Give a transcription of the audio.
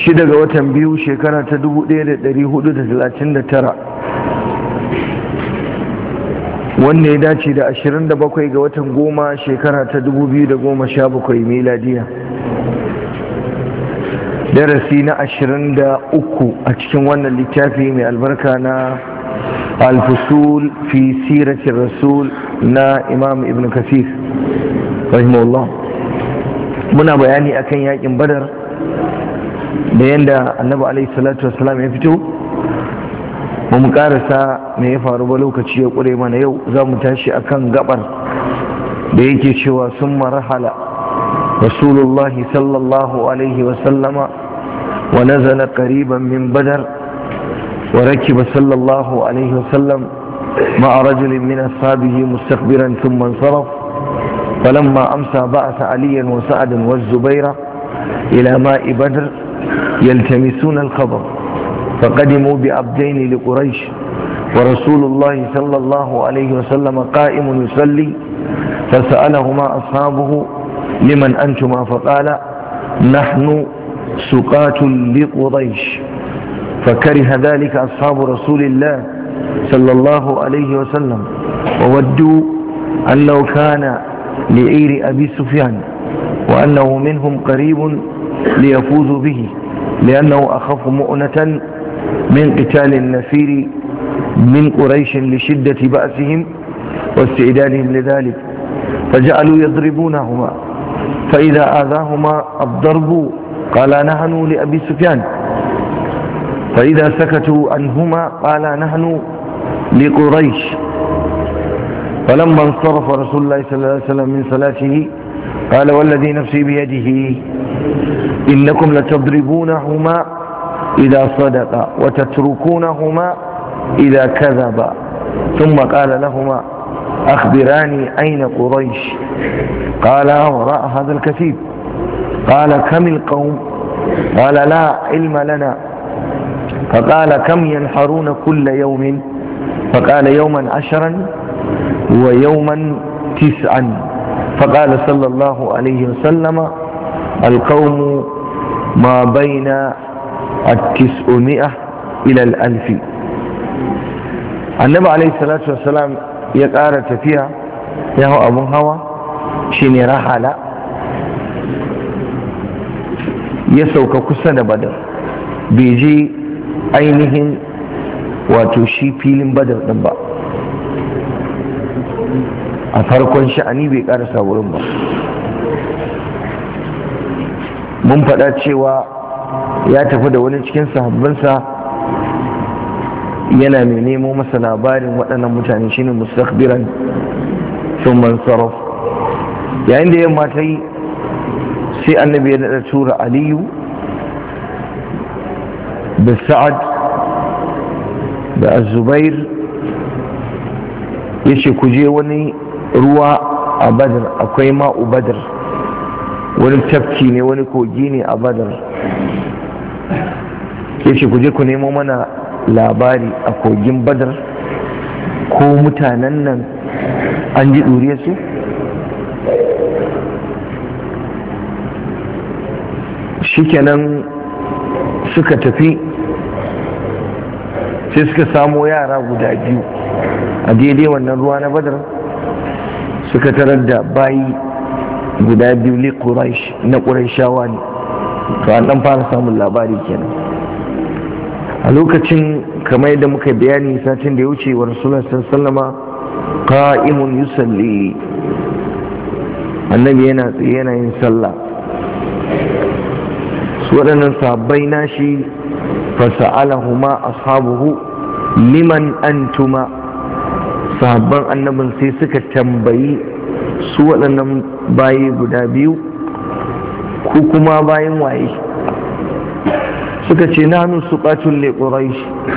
shi daga watan biyu shekara ta 1439 wanda ya dace da 27 ga watan goma shekara ta 2017 miladiya darasi na 23 a cikin wannan littafi mai albarka na alfusul fi siratin rasul na imam ibn kasir rahimahullah muna bayani akan yakin badar da yadda annabi alaihi salatu wasalam ya fito ba mu karasa me ya faru ba lokaci ya kure mana yau za mu tashi akan gabar da yake cewa sun marhala rasulullahi sallallahu alaihi wasallama wa nazala qariban min badar wa rakiba sallallahu alaihi wasallam مع رجل من أصحابه مستقبلا ثم انصرف فلما أمسى بعث عليا وسعدا والزبير إلى ماء بدر يلتمسون الخبر فقدموا بعبدين لقريش ورسول الله صلى الله عليه وسلم قائم يصلي فسألهما أصحابه لمن أنتما فقال نحن سقاة لقريش فكره ذلك أصحاب رسول الله صلى الله عليه وسلم وودوا أن لو كان لعير أبي سفيان وأنه منهم قريب ليفوزوا به لأنه أخف مؤنة من قتال النفير من قريش لشدة بأسهم واستعدادهم لذلك فجعلوا يضربونهما فإذا آذاهما الضرب قال نهنوا لأبي سفيان فإذا سكتوا عنهما قال نحن لقريش فلما انصرف رسول الله صلى الله عليه وسلم من صلاته قال والذي نفسي بيده إنكم لتضربونهما إذا صدق وتتركونهما إذا كذب ثم قال لهما أخبراني أين قريش قال وراء هذا الكثيب قال كم القوم قال لا علم لنا فقال كم ينحرون كل يوم فقال يوما عشرا ويوما تسعا فقال صلى الله عليه وسلم القوم ما بين التسعمائة إلى الألف النبي عليه الصلاة والسلام يقارى فيها يهو أبو هوا شيني رحل يسوك كسن بدر بيجي ainihin wato shi filin badar ɗin ba a farkon sha'ani bai karasa wurin ba mun faɗa cewa ya tafi da wani cikin sahabbansa yana mai nemo masa labarin waɗannan mutane shine mustakbiran sun mansaraf yayin da yamma ta yi sai annabi ya naɗa tura aliyu da sa'ad da azubair ya ce ku je wani ruwa a badar akwai ma'u badar wani tafki ne wani kogi ne a badar ya ce ku je ku nemo mana labari a kogin badar ko mutanen nan an ji ɗuriya su shikenan suka tafi sai suka samo yara guda biyu a daidai wannan ruwa na badar suka tarar da bayi guda biyu li quraish na qurayshawa ne to an dan fara samun labari kenan a lokacin kamar yadda muka bayani satin da ya wuce wa rasulullahi sallallahu qa'imun yusalli annabi yana tsaye yana yin sallah su waɗannan sabbai nashi fasa'alahuma ashabuhu liman antuma sabban annabin sai suka tambayi su waɗannan bayi guda biyu ko kuma bayan waye suka ce nanu su ƙatun leƙurai